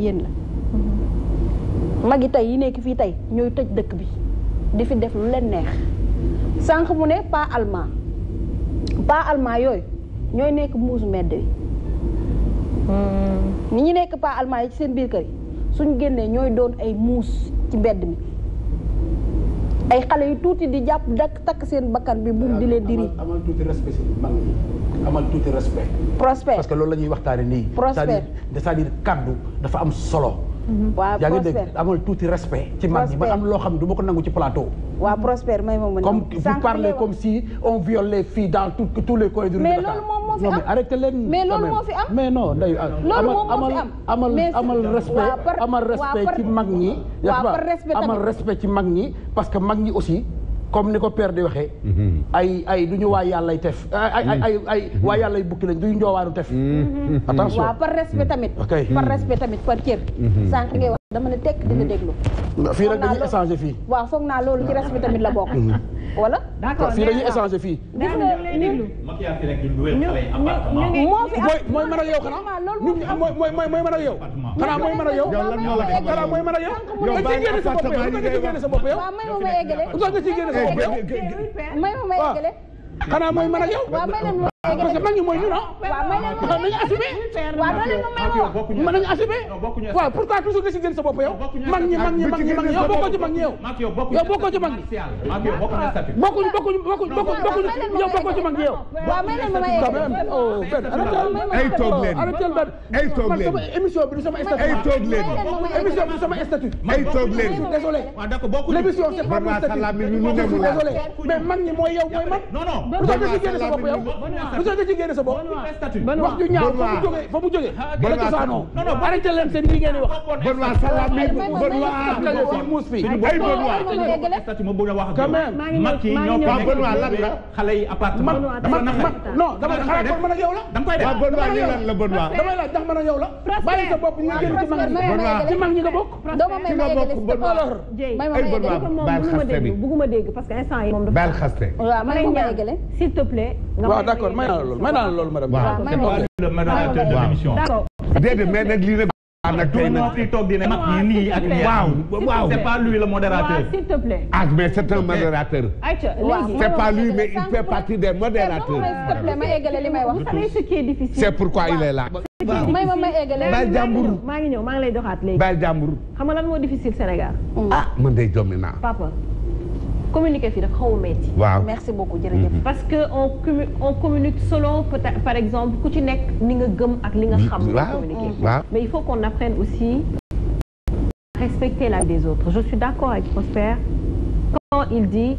yéen la mag yi tey yi nekk fii tey ñooy tëj dëkk bi di fi def lu leen neex sànq mu ne pas allemand pas allemand yooyu ñooy nekk mbuusu medd bi ni hmm. ñu nekk pas allemand yi ci seen biir kër yi suñ génnee ñooy doon ay muus ci mbedd mi ay xale yu tuuti di jàpp dakk takk seen bakkan bi buum di leen diri. amal tuuti respect si mag ñi amal tuuti respect. prospect parce que loolu la ñuy waxtaane nii. prospect c'est-à-dire dafa am solo. Mhm. waaw yaa ngi dégg amal tuuti respect. ci mag ñi ba am loo xam ne du ma ko nangu ci plateau. waaw prospère may ma mën comme vous parlez comme si on viole les filles dans tous les coins de rue de fi am mais loolu moo fi am mais non day ah, amal amal respect amal respect ci mag ñi ci mag ñi parce que mag ñi aussi comme ni ko père di waxee mhm. ay ay du ñu waay yàllay tef mhm. ay ay ay mhm. waa yàllay bukki lañ duñu njoowaaru tef attention waaw par respect tamit par respect tamit par wax dama ne tekk di la déglu. fii rek dañuy échanger fii. waaw foog naa loolu ci res bi tamit la bokk. wala. d' accord fii dañuy échanger fii. gis nga déglu. moo fi am mooy mën a yow xanaa. mooy mooy mooy mën a yow. xanaa mooy mën a yow. xanaa mooy mën a yow. yow bàyyi appartement yi ngay wax waaw may ma ma eggale. may ma ma eggale. xanaa mooy mën a yow. waaw ah, parce que mag ñi mooy ñun ah. waaw may ah, nañu assumé. waaw ah, nañu assumé. waaw pourquoi toujours nga si jël sa bopp yow. mag ñi mag ñi mag ñi mooy yow mooy man. pourquoi nga si jël sa bopp yow. monsieur da ci génne sa bopp wax ju ñaaw fa mu jógee fa mu jógee da cosaanoo arrêté leen seen lii ngeen di wax Benoît salaam bi Benoît muus fi ay Benoît statut ma bëgg a wax quand même Macky ñoo ko Benoît lan la xale yi appartement dafa naxari non dama xalaat kon man ak yow la dama koy def Benoît ni lan la Benoît dama laaj ndax man ak yow la bàyyi sa bopp ñu génn ci mag ñi ci mag ñi nga bokk doo ma may nga bokk Benoît ay Benoît baal xaste bi bëgguma dégg parce que instant yi moom dafa baal xaste waaw ma lay ñaan s'il te plaît waaw d'accord may naa la loolu loolu madame. de l'émission. déedéet mais nag lii rek. ah nag tey nag fi toog di ne mag yi nii ak nii. waaw waaw c'est pas lui le modérateur. s'il te plaît. ah mais c'est c'est pas lui mais il fait partie des modérateurs. s'il te ma eggale li may wax. ce qui c'est pourquoi il est là. waaw may ma may eggale. baal jàmbur maa ngi ñëw maa ngi lay doxaat léegi. baal jàmbur. xam nga lan moo difficile Sénégal. ah man de jommi communiquer fii dafa xaw a métti. waaw merci beaucoup jërëjëf. Mm-hmm. parce que on communique selon peut-être par exemple ku ci nekk ni nga gëm ak li nga mm-hmm. xam. waaw mm-hmm. waaw mais il faut qu'on apprenne aussi respecter la des autres je suis d'accord avec Prosper quand il dit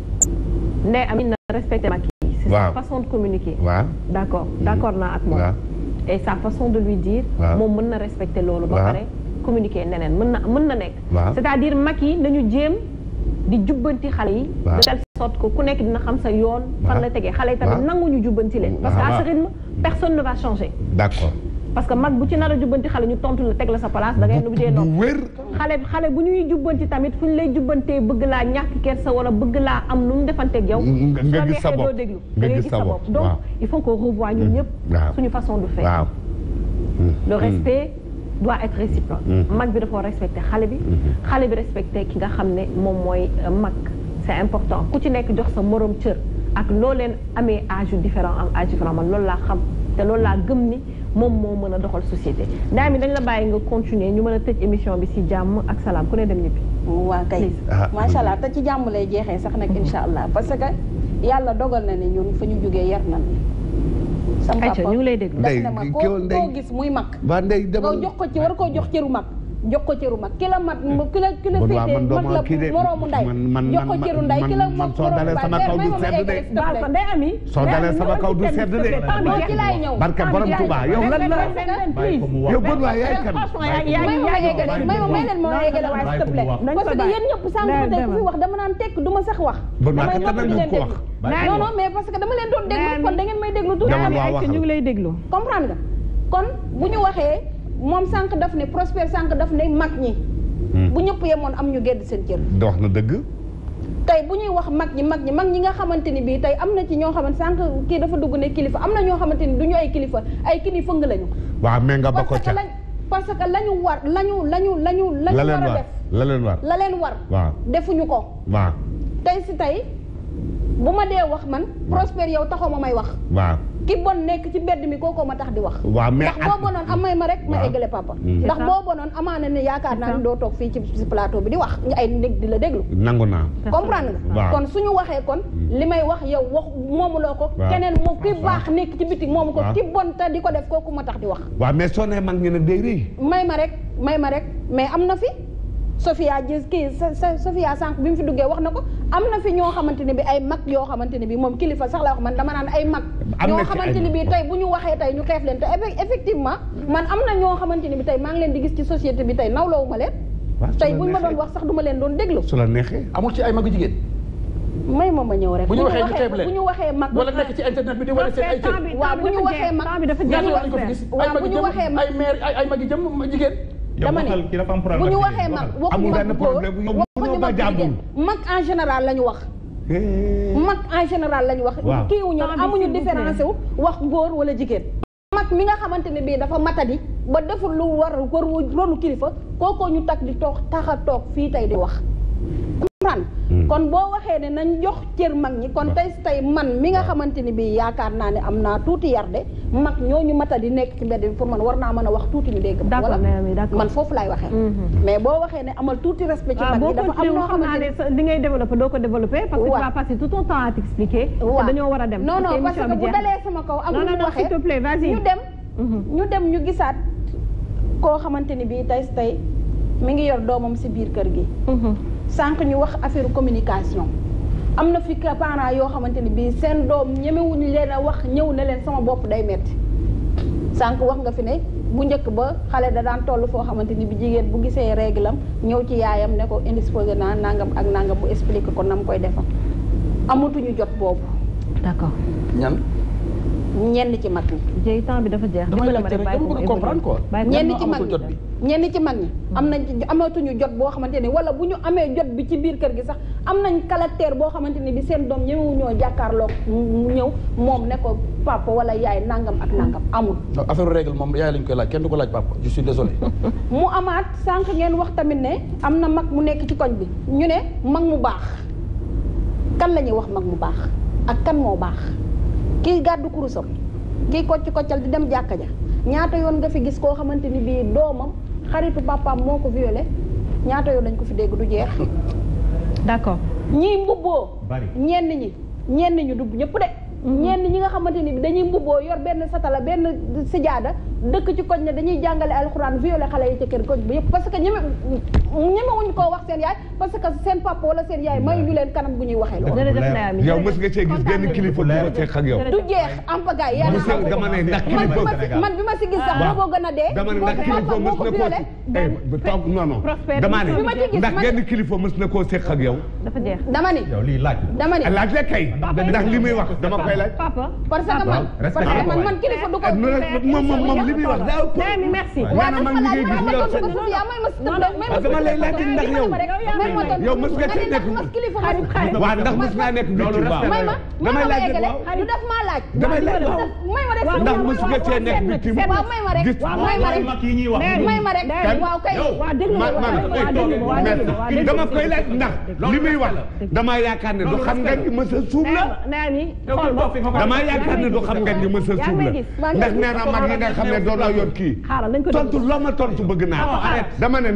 ne Amine na respecter Macky c'est sa façon de communiquer waaw d'accord d'accord ak moom et moom mën na respecter loolu ba pare communiquer neneen mën na mën na nekk c'est-à-dire Macky nañu jéem di jubbanti xale yi de telle sorte que ku nekk dina xam sa yoon fan la tegee xale yi tamit nanguñu jubbanti leen parce que à ce rythme personne ne va changer d'accord parce que mag bu ci nar a jubbanti xale ñu tontu la teg la sa place dangay ngay nu dee noonu wér xale xale bu ñuy jubbanti tamit fu ñu lay jubbantee bëgg laa ñàkk kersa wala bëgg laa am lu mu defanteeg yow nga gis sa bopp doo déglu nga gis sa bopp donc il faut qu'on revoie ñun mm. ñëpp suñu façon de faire mm. le mm. respect doit être réciproque. Mm-hmm. mag bi dafa war respecté xale bi. Mm-hmm. xale bi respecté ki nga xam ne moom mooy euh, mag. c'est important ku ci nekk jox sa morom cër ak loo leen amee âge yu différent am âge différent man laa xam te loolu laa gëm ni moom moo mën a doxal société daa mi dañ la bàyyi nga continuer ñu mën a tëj émission bi si jàmm ak salaam ku ne dem ñibbi waa kay ah. macha allah te ci jàmm lay jeexee sax nag incha allah parce que yàlla dogal na ne ñun fa ñu jógee yar nan sama papa ñu ngi lay déglu. ndey kii woon ndey gis muy mag. waa ndey demal nga jox ko ci war koo jox cëru mag. jox ko cëru mag ki la mat ki la ki la féetee mag la moroomu nday jox ko cëru nday ki la mat moroomu sama kaw du sedd de baal ko nday ami soo dalee sama kaw du sedd de ci laay ñëw barke borom Touba yow lan la yow bon waay yaay kan may ma may leen ma yeggale waay s'il te plaît parce que yéen ñëpp sànq ma dégg fi wax dama naan tekk du ma sax wax damay noppi di leen déglu non non mais parce que dama leen doon déglu kon da ngeen may déglu tuuti ñu ngi lay déglu comprendre nga kon bu ñu waxee moom sànq daf ne Prospère sànq daf ne mag ñi. Hmm. bu ñëpp yemoon am ñu gedd seen cër. da wax na dëgg. tey bu ñuy wax mag ñi mag ñi mag ñi nga xamante ni bii tey am na ci ñoo xamante sànq kii dafa dugg ne kilifa am na ñoo xamante ni du ñu ay kilifa ay kilifa nga lañu. waaw mais nga ba ko ca parce que lañu war lañu lañu lañu. la leen war la leen war la leen war. waaw defuñu ko. waaw tey si tey. bu ma dee wax man Prospère yow taxaw ma may wax. waaw ki bon nekk ci bedd mi kookoo ma tax di wax. waaw mais ndax boo bonoon am may ma rek ma eggale papa. Mm-hmm. ndax boo bonoon yaakaar naa ne toog fii ci plateau bi di wax ñu ay nég di la déglu. nangu naa comprendre nga. kon kon. Mm-hmm. li may wax yow wax moomuloo ko. keneen moom ki baax nekk ci biti moomu di ko def kooku ma tax di wax. waaw mais soo nee mag ñu ne day ma rek may ma rek mais am na fi. Sophia gis kii Sophia sànq bi mu fi duggee wax na ko am na fi ñoo xamante ne bi ay mag yoo xamante ne bi moom kilifa sax la wax man dama naan ay mag ñoo xamante ne bi tey bu ñu waxee tey ñu xeef leen te effectivement man am na ñoo xamante ne bi tey maa ngi leen di gis ci société bi tey nawlawu ma leen tey buñ ma doon wax sax du ma leen doon déglu su la neexee amul ci ay magu jigéen may moom ma ñëw rek bu ñu waxee ñu xeeb leen bu ñu mag wala bu ñu waxee mag bu ñu waxee mag ay mag waxuñu mag jàmbur mag en général la ñu wax. mag en général la ñu wax. waaw kii wu ñoom amuñu différence wu wax góor wala jigéen. mag mi nga xamante ne bii dafa matadi ba deful lu war waru ronu kilifa kookoo ñu tag di toog tax a toog fii tey di wax. Hmm. kon boo waxee ne nañ jox cër mag ñi kon hmm. tey tey man mi nga hmm. xamante ni bii yaakaar naa ne am naa tuuti yar de mag ñooñu mata di nekk ci mbedd bi pour man war naa mën a wax tuuti ñu dégg wala man foofu laay waxee mais boo waxee ne amal tuuti respect ci ah, mag ñi dafa am noo xamante ne li ngay développé doo ko développé parce que a dem non non bu dalee sama kaw ak ñu waxee ñu dem ñu dem ñu gisaat koo xamante ni bii tey tey mi ngi yor doomam si biir kër gi sànq ñu wax affaire communication am na fi parents yoo xamante ni bii seen doom ñemewuñu leen a wax ñëw na leen sama bopp day metti sànq wax nga fi ne bu njëkk ba xale da daan toll foo xamante ni bi jigéen bu gisee règle am ñëw ci yaayam ne ko indisposé naa nangam ak nangam bu expliqué ko nam koy defam amatuñu jot boobu. d'accord ñan. ñenn ci mag ñi. jéey temps bi dafa jeex. dama la ma comprendre quoi. ñenn ci mag ñi ñenn ci mag ñi am nañ ci amatuñu jot boo xamante ne wala bu ñu amee jot bi ci biir kër gi sax am nañ caractère boo xamante ne bi seen doom ñëwu ñoo jàkkaarloo ñëw moom ne ko papa wala yaay nangam ak nangam amul. affaire règle moom yaay lañ koy laaj kenn du ko laaj papa je suis désolé. mu amaat sànq ngeen wax tamit ne am na mag mu nekk ci koñ bi ñu ne mag mu baax kan lañuy wax mag mu baax ak kan moo baax kii gàddu kurusam kii kocc koccal di dem jàkka ñaata yoon nga gis koo xamante ni bii doomam. xaritu papaam moo ko violé ñaata yoo lañ ko fi dégg du jeex. d'accord ñiy mbubboo. bari ñenn ñi ñenn ñi dugg ñëpp de. ñenn ñi nga xamante ni dañuy mbubboo yor benn satala benn sijaada dëkk ci koñ ne dañuy jàngale alxuraan violé xale yi ci kër koñ bi que seen yaay parce que seen papa wala seen yaay may ñu leen kanam ñuy waxee loolu yow nga cee gis genn kilifa bu teex ak yow du jeex am pagaay yaa dama ne ndax kilifa man bi ma si gis sax boo gën a dee dama ne ndax kilifa mës na koo toog non non dama ne bi ma ci gis ndax genn kilifa mës na koo seex ak yow dafa jeex dama ne yow lii laaj dama ne laaj la kay ndax li muy wax dama ko laaj parce que man man kilifa du ko li muy wax daaw po. nee merci waaw man liggéey bi bu yor seen dama lay laaj ndax yow. yow mës nga ci nekk. waaw ndax mës nga nekk nit yu baax. damay laaj waaw damay laaj waaw ndax mës nga cee nekk nit yu gis. waaw mag yi ñuy wax. may ma rek waaw kay man dama koy laaj ndax li muy wax dama yaakaar ne du xam nga ni mës a suuf la. dama yaakaar ne du xam nga ni mës a suuf la ndax nee na mag yi nga xam ne doon la yoon kii. xaaral nañ ko tontu loo ma tontu bëgg naa. Ah, ah. dama ne